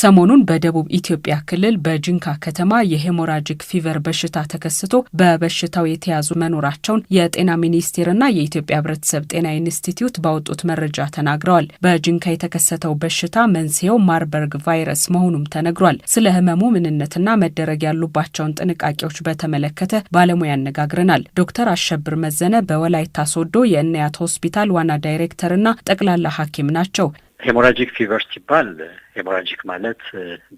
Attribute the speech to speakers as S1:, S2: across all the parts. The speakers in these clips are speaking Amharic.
S1: ሰሞኑን በደቡብ ኢትዮጵያ ክልል በጂንካ ከተማ የሄሞራጂክ ፊቨር በሽታ ተከስቶ በበሽታው የተያዙ መኖራቸውን የጤና ሚኒስቴርና የኢትዮጵያ ሕብረተሰብ ጤና ኢንስቲትዩት ባወጡት መረጃ ተናግረዋል። በጅንካ የተከሰተው በሽታ መንስኤው ማርበርግ ቫይረስ መሆኑም ተነግሯል። ስለ ህመሙ ምንነትና መደረግ ያሉባቸውን ጥንቃቄዎች በተመለከተ ባለሙያ ያነጋግረናል። ዶክተር አሸብር መዘነ በወላይታ ሶዶ የእናያት ሆስፒታል ዋና ዳይሬክተርና ጠቅላላ ሐኪም ናቸው።
S2: ሄሞራጂክ ፊቨር ሲባል ሄሞራጂክ ማለት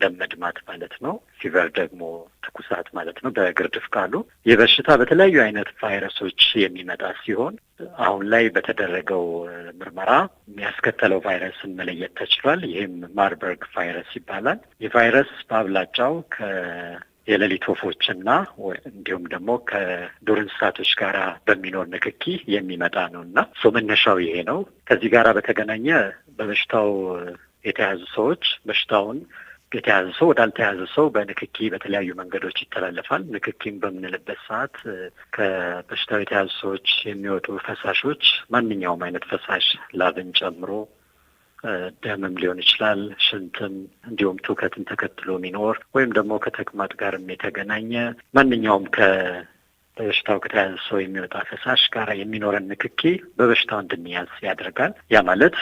S2: ደም መድማት ማለት ነው። ፊቨር ደግሞ ትኩሳት ማለት ነው በግርድፍ ቃሉ። ይህ በሽታ በተለያዩ አይነት ቫይረሶች የሚመጣ ሲሆን አሁን ላይ በተደረገው ምርመራ የሚያስከተለው ቫይረስን መለየት ተችሏል። ይህም ማርበርግ ቫይረስ ይባላል። ይህ ቫይረስ በአብላጫው ከ የሌሊት ወፎች እንዲሁም ደግሞ ከዱር እንስሳቶች ጋራ በሚኖር ንክኪ የሚመጣ ነው እና ሶ መነሻው ይሄ ነው። ከዚህ ጋራ በተገናኘ በበሽታው የተያዙ ሰዎች በሽታውን የተያዘ ሰው ወዳልተያዘ ሰው በንክኪ በተለያዩ መንገዶች ይተላለፋል። ንክኪም በምንልበት ሰዓት ከበሽታው የተያዙ ሰዎች የሚወጡ ፈሳሾች፣ ማንኛውም አይነት ፈሳሽ ላብን ጨምሮ ደምም ሊሆን ይችላል፣ ሽንትም፣ እንዲሁም ትውከትን ተከትሎ የሚኖር ወይም ደግሞ ከተቅማጥ ጋርም የተገናኘ ማንኛውም በበሽታው ከተያዘ ሰው የሚወጣ ፈሳሽ ጋር የሚኖረን ንክኪ በበሽታው እንድንያዝ ያደርጋል። ያ ማለት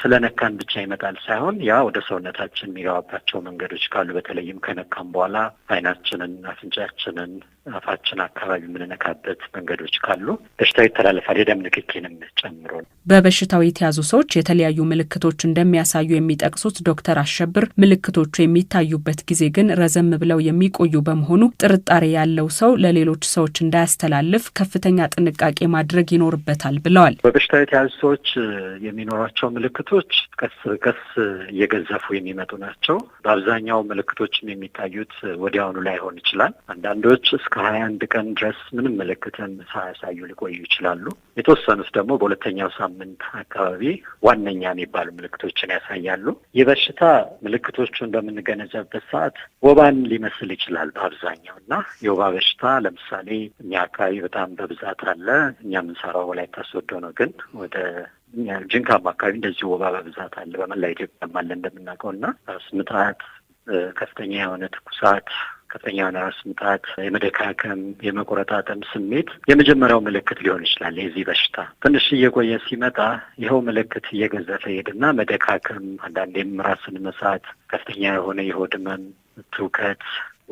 S2: ስለነካን ብቻ ይመጣል ሳይሆን ያ ወደ ሰውነታችን የሚገባባቸው መንገዶች ካሉ በተለይም ከነካም በኋላ አይናችንን፣ አፍንጫችንን፣ አፋችን አካባቢ የምንነካበት መንገዶች ካሉ በሽታው ይተላለፋል። የደም ንክኪንም ጨምሮ በበሽታው የተያዙ ሰዎች የተለያዩ ምልክቶች እንደሚያሳዩ የሚጠቅሱት ዶክተር አሸብር ምልክቶቹ የሚታዩበት ጊዜ ግን ረዘም ብለው የሚቆዩ በመሆኑ ጥርጣሬ ያለው ሰው ለሌሎች ሰዎች እንዳያስተላልፍ ከፍተኛ ጥንቃቄ ማድረግ ይኖርበታል ብለዋል። በበሽታው የተያዙ ሰዎች የሚኖሯቸው ምልክ ምልክቶች ቀስ በቀስ እየገዘፉ የሚመጡ ናቸው። በአብዛኛው ምልክቶችም የሚታዩት ወዲያውኑ ላይሆን ይችላል። አንዳንዶች እስከ ሀያ አንድ ቀን ድረስ ምንም ምልክትን ሳያሳዩ ሊቆዩ ይችላሉ። የተወሰኑት ደግሞ በሁለተኛው ሳምንት አካባቢ ዋነኛ የሚባሉ ምልክቶችን ያሳያሉ። ይህ በሽታ ምልክቶቹን በምንገነዘብበት ሰዓት ወባን ሊመስል ይችላል በአብዛኛው እና የወባ በሽታ ለምሳሌ እኛ አካባቢ በጣም በብዛት አለ። እኛ የምንሰራው ወላይታ ሶዶ ነው፣ ግን ወደ ጅንካም አካባቢ እንደዚህ ወባ በብዛት አለ። በመላ ኢትዮጵያም አለ እንደምናውቀው እና ራስ ምታት፣ ከፍተኛ የሆነ ትኩሳት፣ ከፍተኛ የሆነ ራስ ምታት፣ የመደካከም የመቆረጣጠም ስሜት የመጀመሪያው ምልክት ሊሆን ይችላል። የዚህ በሽታ ትንሽ እየቆየ ሲመጣ ይኸው ምልክት እየገዘፈ ሄድና መደካከም፣ አንዳንዴም ራስን መሳት፣ ከፍተኛ የሆነ የሆድ ህመም፣ ትውከት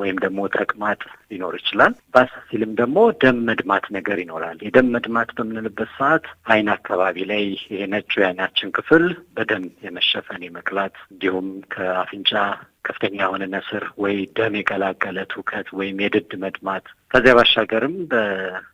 S2: ወይም ደግሞ ተቅማጥ ሊኖር ይችላል። ባስ ሲልም ደግሞ ደም መድማት ነገር ይኖራል። የደም መድማት በምንልበት ሰዓት አይን አካባቢ ላይ የነጩ ነጩ የአይናችን ክፍል በደም የመሸፈን የመቅላት እንዲሁም ከአፍንጫ ከፍተኛ የሆነ ነስር ወይ ደም የቀላቀለ ትውከት ወይም የድድ መድማት ከዚያ ባሻገርም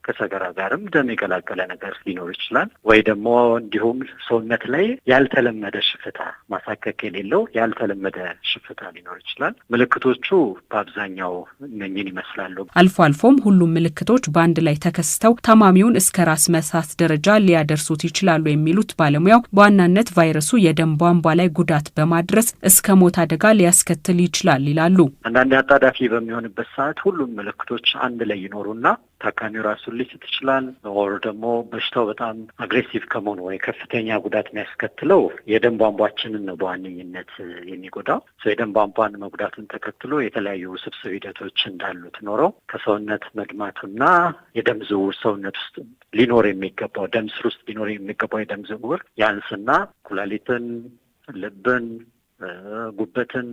S2: ከሰገራ ጋርም ደም የቀላቀለ ነገር ሊኖር ይችላል። ወይ ደግሞ እንዲሁም ሰውነት ላይ ያልተለመደ ሽፍታ ማሳከክ የሌለው ያልተለመደ ሽፍታ ሊኖር ይችላል። ምልክቶቹ በአብዛኛው እነኝን ይመስላሉ።
S1: አልፎ አልፎም ሁሉም ምልክቶች በአንድ ላይ ተከስተው ታማሚውን እስከ ራስ መሳት ደረጃ ሊያደርሱት ይችላሉ የሚሉት ባለሙያው በዋናነት ቫይረሱ የደም ቧንቧ ላይ ጉዳት በማድረስ እስከ ሞት አደጋ ሊያስከትል ይችላል ይላሉ።
S2: አንዳንድ አጣዳፊ በሚሆንበት ሰዓት ሁሉም ምልክቶች አንድ ላይ ይኖሩና ታካሚው ራሱን ሊስት ይችላል። ኦር ደግሞ በሽታው በጣም አግሬሲቭ ከመሆኑ ወይ ከፍተኛ ጉዳት የሚያስከትለው የደም ቧንቧችንን ነው በዋነኝነት የሚጎዳው። የደም ቧንቧን መጉዳትን ተከትሎ የተለያዩ ውስብስብ ሂደቶች እንዳሉት ኖሮ ከሰውነት መድማቱና የደም ዝውውር ሰውነት ውስጥ ሊኖር የሚገባው ደም ስር ውስጥ ሊኖር የሚገባው የደም ዝውውር ያንስና ኩላሊትን፣ ልብን፣ ጉበትን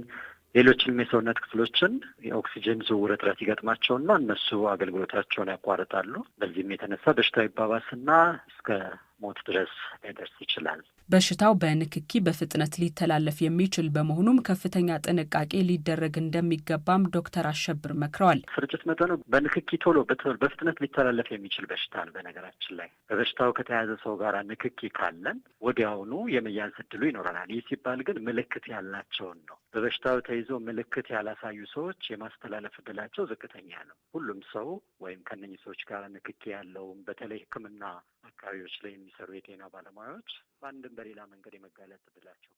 S2: ሌሎችም የሰውነት ክፍሎችን የኦክሲጅን ዝውውር እጥረት ይገጥማቸውና እነሱ አገልግሎታቸውን ያቋርጣሉ። በዚህም የተነሳ በሽታው ይባባስና እስከ ሞት ድረስ ሊደርስ ይችላል።
S1: በሽታው በንክኪ በፍጥነት ሊተላለፍ የሚችል በመሆኑም ከፍተኛ ጥንቃቄ ሊደረግ እንደሚገባም ዶክተር አሸብር መክረዋል።
S2: ስርጭት መጠኑ በንክኪ ቶሎ በፍጥነት ሊተላለፍ የሚችል በሽታ ነው። በነገራችን ላይ በበሽታው ከተያዘ ሰው ጋር ንክኪ ካለን ወዲያውኑ የመያዝ እድሉ ይኖረናል። ይህ ሲባል ግን ምልክት ያላቸውን ነው። በበሽታው ተይዞ ምልክት ያላሳዩ ሰዎች የማስተላለፍ እድላቸው ዝቅተኛ ነው። ሁሉም ሰው ወይም ከነኚህ ሰዎች ጋር ንክኪ ያለውም በተለይ ሕክምና አካባቢዎች ላይ የሚሰሩ የጤና ባለሙያዎች በአንድም በሌላ መንገድ የመጋለጥ እድላቸው